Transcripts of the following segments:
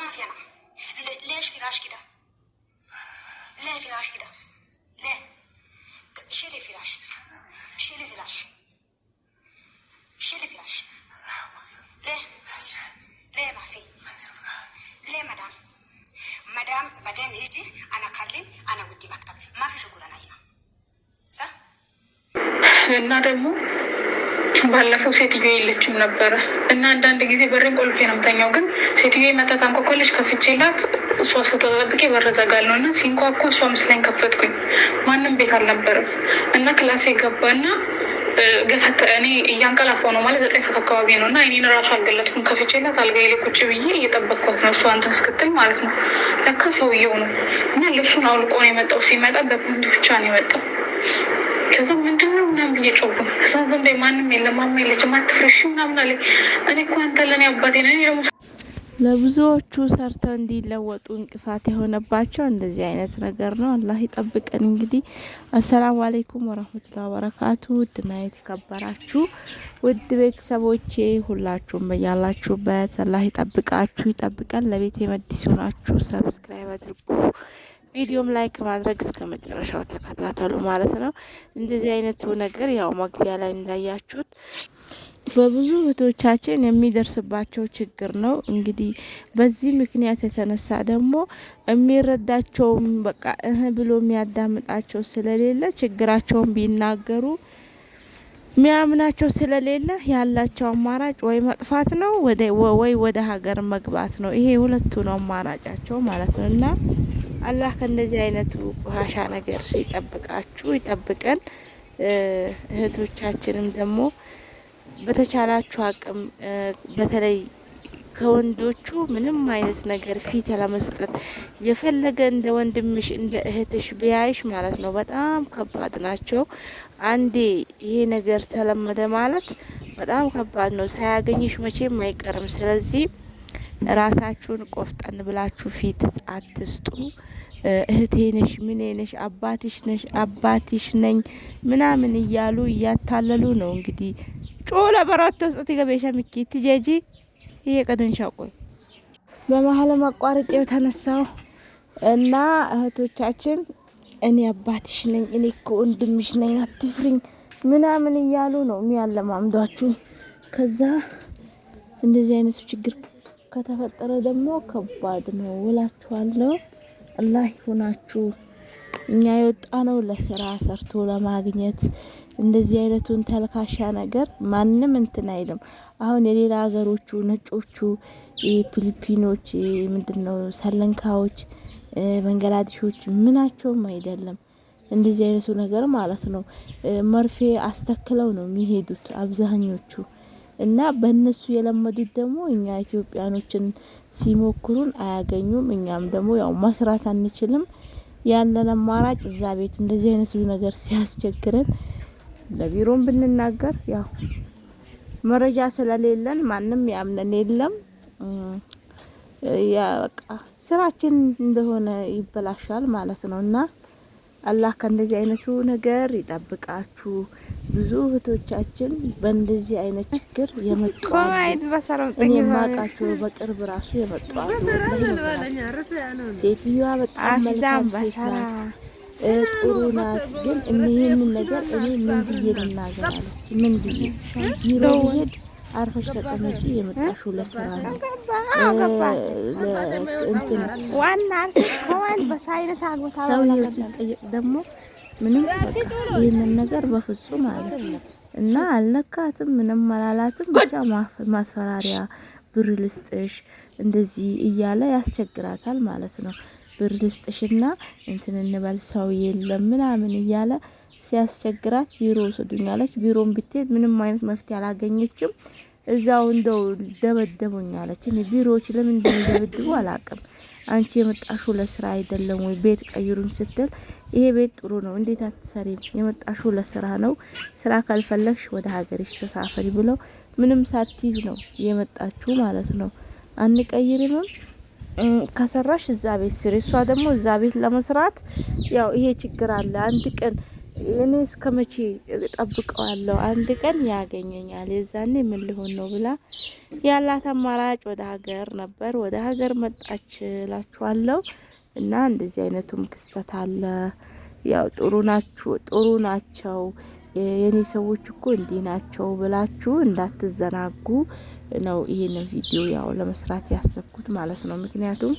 ማፊያ ነው። ለሽ ፊራሽ ኪዳ ለፊራሽ ኪዳ ሽሊ ፊራሽ ሽሊ ፊራሽ ሽሊ ፊራሽ ለማፌ ለመዳም መዳም በደን ሂጂ አነካልን አነ ውዲ መቅጠብ ማፊ ሽጉረናይ ነው እና ደግሞ ባለፈው ሴትዮ የለችም ነበረ እና አንዳንድ ጊዜ በሬን ቆልፌ ነው የምተኛው። ግን ሴትዮ መጣት አንኳኳለች፣ ከፍቼላት እሷ ስተጠብቄ በረዘጋል ነው እና ሲንኳኳ እሷ መስላኝ ከፈትኩኝ። ማንም ቤት አልነበረም እና ክላሴ ገባና ገፈት እኔ እያንቀላፋው ነው ማለት ዘጠኝ ሰዓት አካባቢ ነው እና እኔን ራሱ አልገለጥኩም። ከፍቼላት አልጋ ላይ ቁጭ ብዬ እየጠበቅኳት ነው እሷ አንተ እስክትል ማለት ነው። ለካ ሰውየው ነው እና ልብሱን አውልቆ ነው የመጣው። ሲመጣ በፓንት ብቻ ነው የመጣው። ከዛ ምንድን ምናም ብዬ ጮኩ። ሰው ዘንድ ማንም የለም ማሚ የለችም አትፍረሽ ምናምን አለኝ። እኔ እኮ አንተ ለእኔ አባቴ ነህ። እኔ ደግሞ ለብዙዎቹ ሰርተው እንዲለወጡ እንቅፋት የሆነባቸው እንደዚህ አይነት ነገር ነው። አላህ ይጠብቀን። እንግዲህ አሰላሙ አሌይኩም ወረህመቱላ ወበረካቱ። ውድና የተከበራችሁ ውድ ቤተሰቦቼ ሁላችሁም በያላችሁበት አላህ ይጠብቃችሁ፣ ይጠብቀን። ለቤት የመዲስ ሆናችሁ ሰብስክራይብ አድርጉ። ቪዲዮም ላይክ ማድረግ እስከ መጨረሻው ተከታተሉ ማለት ነው። እንደዚህ አይነቱ ነገር ያው መግቢያ ላይ እንዳያችሁት በብዙ እህቶቻችን የሚደርስባቸው ችግር ነው። እንግዲህ በዚህ ምክንያት የተነሳ ደግሞ የሚረዳቸውም በቃ እህ ብሎ የሚያዳምጣቸው ስለሌለ ችግራቸውን ቢናገሩ ሚያምናቸው ስለሌለ ያላቸው አማራጭ ወይ መጥፋት ነው ወይ ወደ ሀገር መግባት ነው። ይሄ ሁለቱ ነው አማራጫቸው ማለት ነው እና አላህ ከእንደዚህ አይነቱ ቆሻሻ ነገር ይጠብቃችሁ፣ ይጠብቀን። እህቶቻችንም ደግሞ በተቻላችሁ አቅም በተለይ ከወንዶቹ ምንም አይነት ነገር ፊት ለመስጠት የፈለገ እንደ ወንድምሽ እንደ እህትሽ ቢያይሽ ማለት ነው በጣም ከባድ ናቸው። አንዴ ይሄ ነገር ተለመደ ማለት በጣም ከባድ ነው። ሳያገኝሽ መቼም አይቀርም። ስለዚህ ራሳችሁን ቆፍጠን ብላችሁ ፊት አትስጡ። እህቴ ነሽ፣ ምኔ ነሽ፣ አባትሽ ነሽ፣ አባትሽ ነኝ ምናምን እያሉ እያታለሉ ነው እንግዲህ ጮለ በረቶ ውስጥ ገበሻ ምኪ ትጀጂ እየቀደንሻ ቆይ በመሀል አቋርጬ የተነሳው እና እህቶቻችን እኔ አባትሽ ነኝ፣ እኔ እኮ ወንድምሽ ነኝ፣ አትፍሪኝ ምናምን እያሉ ነው የሚያለማምዷችሁ። ከዛ እንደዚህ አይነቱ ችግር ከተፈጠረ ደግሞ ከባድ ነው እላችኋለሁ። አላህ ይሁናችሁ። እኛ የወጣ ነው ለስራ ሰርቶ ለማግኘት እንደዚህ አይነቱን ተልካሻ ነገር ማንም እንትን አይልም። አሁን የሌላ ሀገሮቹ ነጮቹ፣ ፊሊፒኖች፣ ምንድን ነው ሰለንካዎች፣ መንገላዲሾች ምናቸውም አይደለም እንደዚህ አይነቱ ነገር ማለት ነው። መርፌ አስተክለው ነው የሚሄዱት አብዛኞቹ እና በእነሱ የለመዱት ደግሞ እኛ ኢትዮጵያኖችን ሲሞክሩን አያገኙም። እኛም ደግሞ ያው መስራት አንችልም። ያለን አማራጭ እዛ ቤት እንደዚህ አይነቱ ነገር ሲያስቸግረን ለቢሮም ብንናገር ያው መረጃ ስለሌለን ማንም ያምነን የለም። ያ በቃ ስራችን እንደሆነ ይበላሻል ማለት ነው እና አላህ ከእንደዚህ አይነቱ ነገር ይጠብቃችሁ። ብዙ እህቶቻችን በእንደዚህ አይነት ችግር የመጡ እኔ የማውቃቸው በቅርብ ራሱ የመጡ ሴትዮዋ በጣም መልካም ሴት ጥሩ ናት። ግን ይህንን ነገር እኔ ምን ብዬ ምን ብዬ ቢሮ ሄድ አርፈሽ ተቀመጪ። የመጣሹ ለስራ ነው። ዋና ሰውዬው ሲጠየቅ ደግሞ ምንም ይህንን ነገር በፍጹም አለ እና አልነካትም፣ ምንም አላላትም። ብቻ ማስፈራሪያ ብር ልስጥሽ እንደዚህ እያለ ያስቸግራታል ማለት ነው። ብር ልስጥሽና እንትን እንበል ሰው የለም ምናምን እያለ ሲያስቸግራት ቢሮ ውሰዱኝ ቢሮን ቢሮም ብትሄድ ምንም አይነት መፍትሄ አላገኘችም። እዛው እንደው ደበደቡኝ አለች። እኔ ቢሮዎች ለምን እንደሚደበድቡ አላቅም። አንቺ የመጣሹ ለስራ አይደለም ወይ ቤት ቀይሩን ስትል ይሄ ቤት ጥሩ ነው እንዴት አትሰሪም? የመጣሹ ለስራ ነው። ስራ ካልፈለግሽ ወደ ሀገርሽ ተሳፈሪ ብለው ምንም ሳትይዝ ነው የመጣችሁ ማለት ነው። አንቀይርምም ከሰራሽ እዛ ቤት ስሪ። እሷ ደግሞ እዛ ቤት ለመስራት ያው ይሄ ችግር አለ አንድ ቀን እኔ እስከ መቼ ጠብቀዋለሁ? አንድ ቀን ያገኘኛል፣ የዛኔ ምን ሊሆን ነው ብላ ያላት አማራጭ ወደ ሀገር ነበር። ወደ ሀገር መጣች ላችኋለሁ። እና እንደዚህ አይነቱም ክስተት አለ። ያው ጥሩ ናችሁ፣ ጥሩ ናቸው የኔ ሰዎች እኮ እንዲህ ናቸው ብላችሁ እንዳትዘናጉ ነው ይህንን ቪዲዮ ያው ለመስራት ያሰብኩት ማለት ነው ምክንያቱም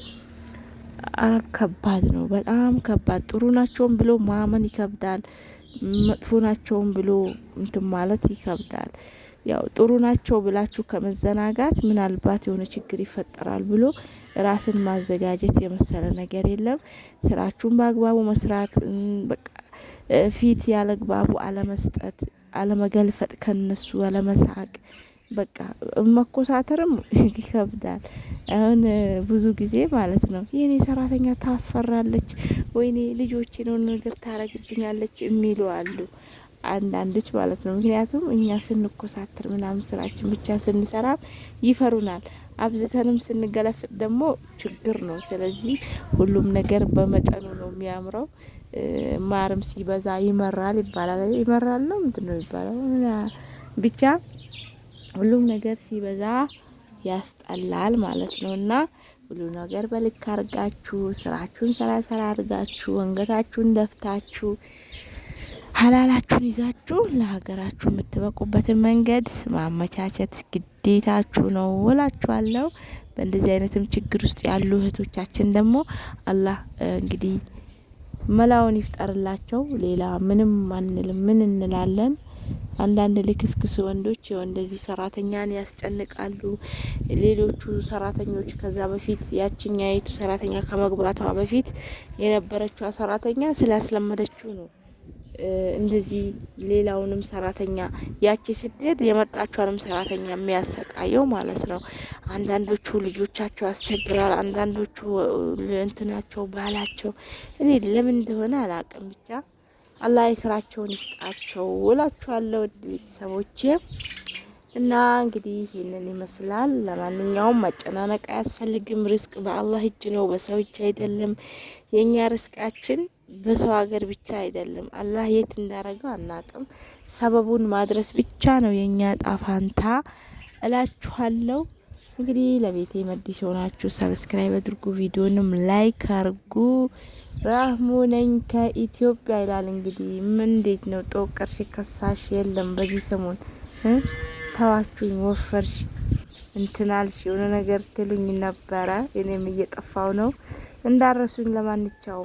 አረብ ከባድ ነው፣ በጣም ከባድ። ጥሩ ናቸውም ብሎ ማመን ይከብዳል፣ መጥፎ ናቸውም ብሎ እንትን ማለት ይከብዳል። ያው ጥሩ ናቸው ብላችሁ ከመዘናጋት ምናልባት የሆነ ችግር ይፈጠራል ብሎ ራስን ማዘጋጀት የመሰለ ነገር የለም። ስራችሁን በአግባቡ መስራት፣ ፊት ያለግባቡ አለመስጠት፣ አለመገልፈጥ፣ ከነሱ አለመሳቅ በቃ መኮሳተርም ይከብዳል። አሁን ብዙ ጊዜ ማለት ነው የኔ ሰራተኛ ታስፈራለች፣ ወይኔ ልጆች ነው ነገር ታረግብኛለች የሚሉ አሉ አንዳንዶች ማለት ነው። ምክንያቱም እኛ ስንኮሳተር ምናምን ስራችን ብቻ ስንሰራም ይፈሩናል። አብዝተንም ስንገለፍጥ ደግሞ ችግር ነው። ስለዚህ ሁሉም ነገር በመጠኑ ነው የሚያምረው። ማርም ሲበዛ ይመራል ይባላል። ይመራል ነው ምንድን ነው ይባላል ብቻ ሁሉም ነገር ሲበዛ ያስጠላል ማለት ነው እና ሁሉ ነገር በልክ አርጋችሁ ስራችሁን ሰራ ሰራ አርጋችሁ አንገታችሁን ደፍታችሁ ሀላላችሁን ይዛችሁ ለሀገራችሁ የምትበቁበትን መንገድ ማመቻቸት ግዴታችሁ ነው እላችኋለሁ። በእንደዚህ አይነትም ችግር ውስጥ ያሉ እህቶቻችን ደግሞ አላህ እንግዲህ መላውን ይፍጠርላቸው። ሌላ ምንም አንልም። ምን እንላለን? አንዳንድ ልክስክስ ወንዶች ያው እንደዚህ ሰራተኛን ያስጨንቃሉ። ሌሎቹ ሰራተኞች ከዛ በፊት ያችኛይቱ ሰራተኛ ከመግባቷ በፊት የነበረችዋ ሰራተኛ ስላስለመደችው ነው እንደዚህ ሌላውንም ሰራተኛ ያቺ ስደት የመጣችዋንም ሰራተኛ የሚያሰቃየው ማለት ነው። አንዳንዶቹ ልጆቻቸው ያስቸግራል፣ አንዳንዶቹ እንትናቸው ባህላቸው እኔ ለምን እንደሆነ አላቅም ብቻ አላህ የስራቸውን ይስጣቸው እላችኋለሁ ቤተሰቦቼ። እና እንግዲህ ይህንን ይመስላል። ለማንኛውም መጨናነቅ አያስፈልግም። ርስቅ በአላህ እጅ ነው፣ በሰው እጅ አይደለም። የእኛ ርስቃችን በሰው ሀገር ብቻ አይደለም። አላህ የት እንዳረገው አናቅም። ሰበቡን ማድረስ ብቻ ነው የእኛ ጣፋንታ እላችኋለሁ። እንግዲህ ለቤቴ መዲስ የሆናችሁ ሰብስክራይብ አድርጉ፣ ቪዲዮንም ላይክ አርጉ። ራህሙ ነኝ ከኢትዮጵያ ይላል። እንግዲህ ምን እንዴት ነው ጦቀርሽ? ከሳሽ የለም በዚህ ሰሞን ተዋችሁኝ፣ ወፈርሽ፣ እንትናልሽ የሆነ ነገር ትሉኝ ነበረ። እኔም እየጠፋው ነው እንዳረሱኝ ለማንቻው